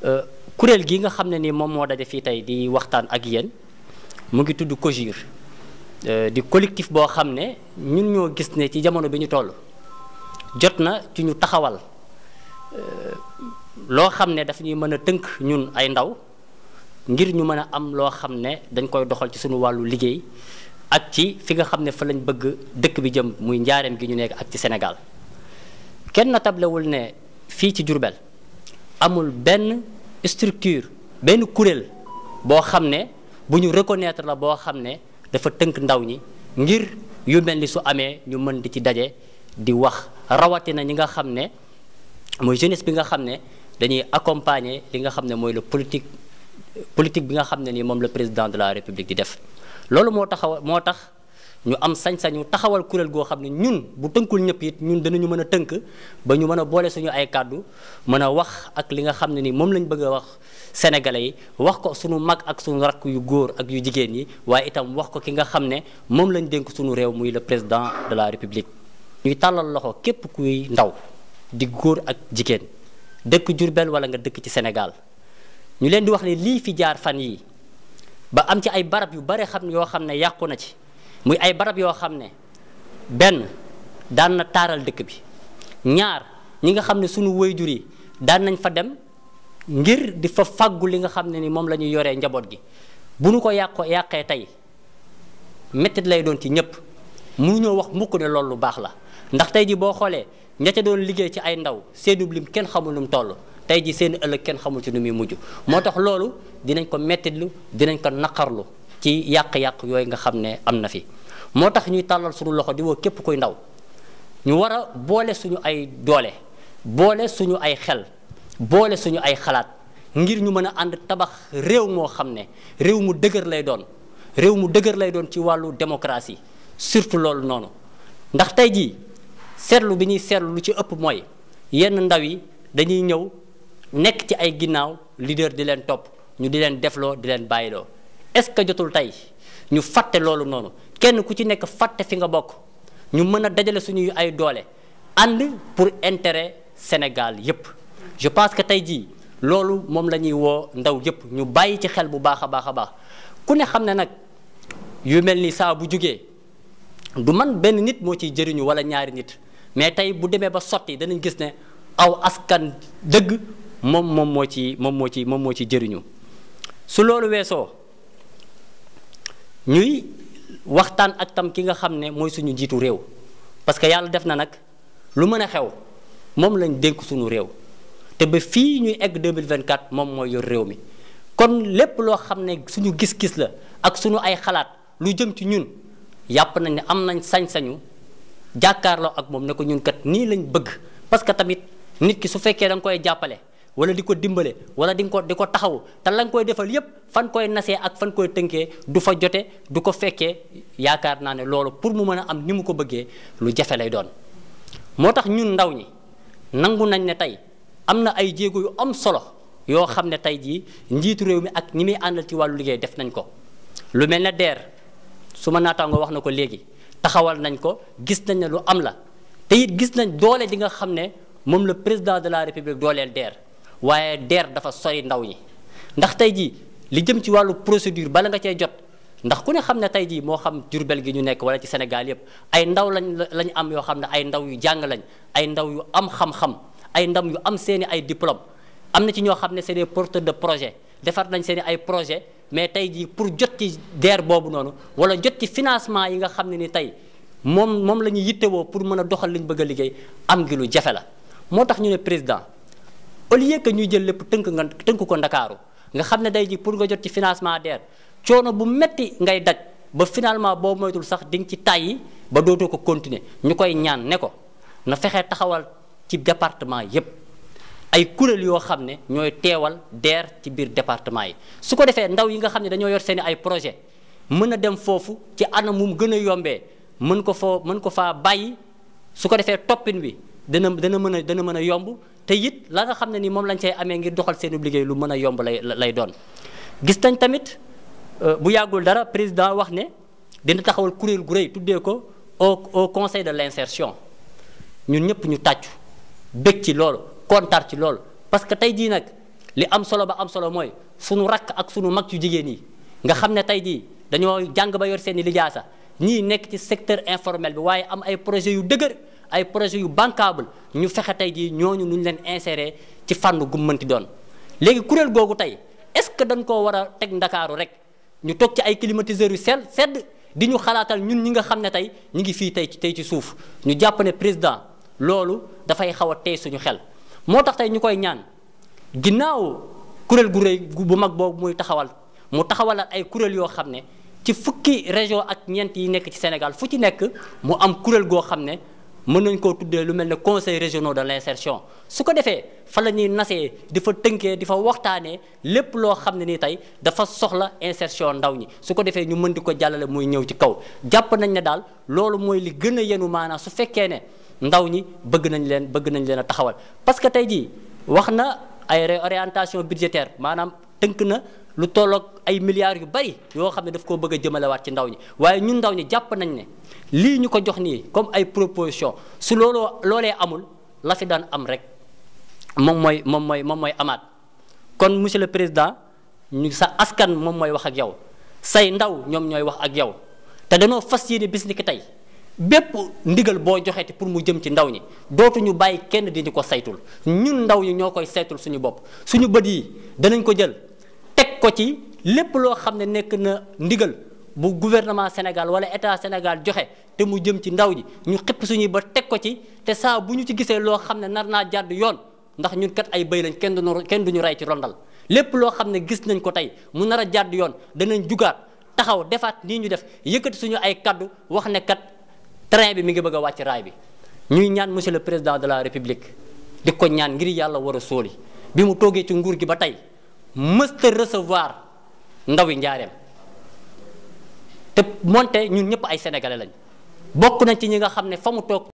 Euh, kuréel gi nga xam ne ni moom moo daje fii tey di waxtaan ak yéen mu ngi tudd COJIR euh, di collectif boo xam ne ñun ñoo gis ne ci jamono bi ñu toll jot na ci ñu taxawal euh, loo xam ne daf ñuy mën a tënk ñun ay ndaw ngir ñu mën a am loo xam ne dañ koy doxal ci suñu wàllu liggéey ak ci fi nga xam ne fa lañ bëgg dëkk bi jëm muy njaareem gi ñu nekk ak ci senegal kenn tablewul ne fii ci Diourbel amul benn structure benn kuréel boo xam ne bu ñu reconnaitre la boo xam ne dafa tënk ndaw ñi ngir yu mel ni su amee ñu mën di ci daje di wax rawatina ñi nga xam ne mooy jeunesse bi nga xam ne dañuy accompagner li nga xam ne mooy le politique politique bi nga xam ne nii moom la président de la république di def loolu moo taxaw moo tax ñu am sañ-sañu taxawal kuréel goo xam ne ñun bu tënkul ñëpp it ñun danañu mën a tënk ba ñu mën a boole suñu ay kàddu mën a wax ak li nga xam ne nii moom lañu bëgg a wax sénégalais yi wax ko suñu mag ak suñu rakk yu góor ak yu jigéen yi waaye itam wax ko ki nga xam ne moom lañ dénk suñu réew muy la président de la république. ñuy tàllal loxo képp kuy ndaw di góor ak jigéen dëkk jur Jurbel wala nga dëkk ci Sénégal ñu leen di wax ni lii fi jaar fan yi ba am ci ay barab yu bare xam yoo xam ne yàqu na ci. muy ay barab yoo xam ne benn daan na taaral dëkk bi ñaar ñi nga xam ne sunu waajur yi daan nañ fa dem ngir di fa fàggu li nga xam ne ni moom la ñuy yoree njaboot gi bu nu ko yàqoo yàqee tey mettit lay doon ci ñëpp ñoo wax mukk ne loolu lu baax la ndax tey ji boo xoolee ña doon liggéey ci ay ndaw seenub lim kenn xamul nu mu toll tey ji seen ëllëg kenn xamul ci nu muy mujj moo tax loolu dinañ ko mettitlu dinañ ko naqarlu ci yàq-yàq yooyu nga xam ne am na fi moo tax ñuy tàllal suñu loxo di woo képp kuy ndaw ñu war a boole suñu ay doole boole suñu ay xel boole suñu ay xalaat ngir ñu mën a ànd tabax réew moo xam ne réew mu dëgër lay doon réew mu dëgër lay doon ci wàllu démocratie surtout loolu noonu ndax tey jii seetlu bi ñuy seetlu lu ci ëpp mooy yenn ndaw yi dañuy ñëw nekk ci ay ginnaaw leader di leen topp ñu di leen defloo di leen bàyyiloo est-ce que jotul tey ñu fàtte loolu noonu kenn ku ci nekk fàtte fi nga bokk ñu mën a dajale suñuy ay doole ànd pour intéret Sénégal yépp je pense que tey jii loolu moom la ñuy woo ndaw yépp ñu bàyyi ci xel bu baax a baax a baax ku ne xam ne nag yu mel ni saa bu jugee du man benn nit moo ciy jëriñu wala ñaari nit mais tey bu demee ba sotti danañ gis ne aw askan dëgg moom moom ci moom moo ci moom moo ci jëriñu su loolu weesoo ñuy waxtaan ak tam ki nga xam ne mooy suñu njiitu réew parce que yàlla def na nag lu mën a xew moom lañ dénk suñu réew te ba fii ñuy egg 2024 moom mooy yor réew mi kon lépp loo xam ne suñu gis-gis la ak suñu ay xalaat lu jëm ci ñun yàpp nañ ne am nañ sañ-sañu jàkkaarloo ak moom ne ko ñun kat nii lañ bëgg parce que tamit nit ki su fekkee da koy jàppale wala di ko dimbale wala di ko di ko taxaw te lañ koy defal yépp fan koy nasee ak fan koy tënkee du fa jote du ko fekkee yaakaar naa ne loolu pour mu mën a am ni mu ko bëggee lu jafe lay doon moo tax ñun ndaw ñi nangu nañ ne tey am na ay jéego yu am solo yoo xam ne tey jii njiitu réew mi ak ñi muy àndal ci wàllu liggéey def nañ ko lu mel ne DER su ma naataangoo wax na ko léegi taxawal nañ ko gis nañ ne lu am la te gis nañ doole di nga xam ne moom la président de la république dooleel DER waaye DER dafa sori ndaw ñi ndax tey jii li jëm ci wàllu procédure bala nga cee jot ndax ku ne xam ne tey jii moo xam Jurbel gi ñu nekk wala ci Sénégal yépp ay ndaw lañ lañ am yoo xam ne ay ndaw yu jàng lañ ay ndaw yu am xam ay ndam yu am seeni ay diplôme am na ci ñoo xam ne c'est des porteurs de projet defar nañ seeni ay projet mais tey pour jot ci DER boobu noonu wala jot ci yi nga xam ne ni tey moom moom la ñu yittewoo pour mën a doxal li bëgg a liggéey am gi lu jafe la moo tax ñu ne président au lieu ñuy jël lépp tënk nga tënk ko ndakaaru nga xam ne day ji pour nga jot ci financement DER coono bu metti ngay daj ba finalement boo moytul sax di nga ci tàyyi ba dootoo ko continuer ñu koy ñaan ne ko na fexee taxawal ci département yépp ay kuréel yoo xam ne ñooy teewal DER ci biir département yi su ko defee ndaw yi nga xam ne dañoo yor seeni ay projet mën a dem foofu ci anam mu gën a yombee mën ko foo mën ko faa bàyyi su ko defee toppin wi dana dana mën a dana mën a yomb te it la nga xam ne ni moom lañ cay amee ngir doxal seen liggéey lu mën a yomb lay lay doon. gis nañ tamit euh, bu yàggul dara président wax ne dina taxawul kuréel gu rëy tuddee ko au au conseil de l'insertion ñun ñëpp ñu tàccu bég ci loolu kontar ci loolu parce que tey jii nag li am solo ba am solo mooy sunu rakk ak sunu mag yu jigéen yi nga xam ne tey jii dañoo jàng ba yor seen i sax ñii nekk ci secteur informel bi waaye am ay projets yu dëgër ay projets yu bancable ñu fexe tey jii ñooñu nu ñu leen insérer ci fànn gu mënti doon léegi kuréel googu tey est-ce que dañ koo war a teg ndakaaru rek ñu toog ci ay climatiseurs yu sel sedd di ñu xalaatal ñun ñi nga xam ne tey ñu ngi fii tey ci tey ci suuf ñu jàpp ne président loolu dafay xaw a tey suñu xel moo tax tey ñu koy ñaan ginnaaw kuréel gu rëy bu mag boobu muy taxawal mu taxawalal ay kuréel yoo xam ne. ci fukki région ak ñeent yi nekk ci Sénégal fu ci nekk mu am kuréel goo xam ne mën nañ koo tuddee lu mel ne conseil régional de l'insertion su ko defee fa la ñuy nasee di fa tënkee di fa waxtaanee lépp loo xam ne ni tey dafa soxla insertion ndaw ñi su ko defee ñu mën di ko jàllale muy ñëw ci kaw jàpp nañ ne daal loolu mooy li gën a yenu maanaam su fekkee ne ndaw ñi bëgg nañ leen bëgg nañ leen a taxawal parce que tey jii wax na ay réorientation budgétaire maanaam tënk na lu tolloog ay milliards yu bari yoo xam ne daf koo bëgg a jëmalewaat ci ndaw ñi waaye ñun ndaw ñi jàpp nañ ne lii ñu ko jox nii comme ay proposition su looloo loolee amul la fi daan am rek moom mooy moom mooy moom mooy amaat kon monsieur le président ñu sa askan moom mooy wax ak yow say ndaw ñoom ñooy wax ak yow te danoo fas yéene bis ni tey bépp ndigal boo joxee te pour mu jëm ci ndaw ñi dootuñu bàyyi kenn di ñu ko saytul ñun ndaw ñi ñoo koy saytul suñu bopp suñu bët yi danañ ko jël ko ci lépp loo xam ne nekk na ndigal bu gouvernement Sénégal wala état Sénégal joxe te mu jëm ci ndaw ñi ñu xëpp suñuy ba teg ko ci te saa bu ñu ci gisee loo xam ne nar naa jàdd yoon ndax ñun kat ay béy lañ kenn du ñu kenn du ñu rey ci rondal lépp loo xam ne gis nañ ko tey mu nar a jàdd yoon danañ jugaat taxaw defaat nii ñu def yëkkati suñu ay kàddu wax ne kat train bi mi ngi bëgg a wàcc raay bi ñuy ñaan mosieur le président de la république di ko ñaan ngir yàlla war a sóoli bi mu toogee ci nguur gi ba tey. mësta recevoir ndawi njaareem te monte ñun ñëpp ay sénégalais lañ bokk nañ ci ñi nga xam ne fa mu toog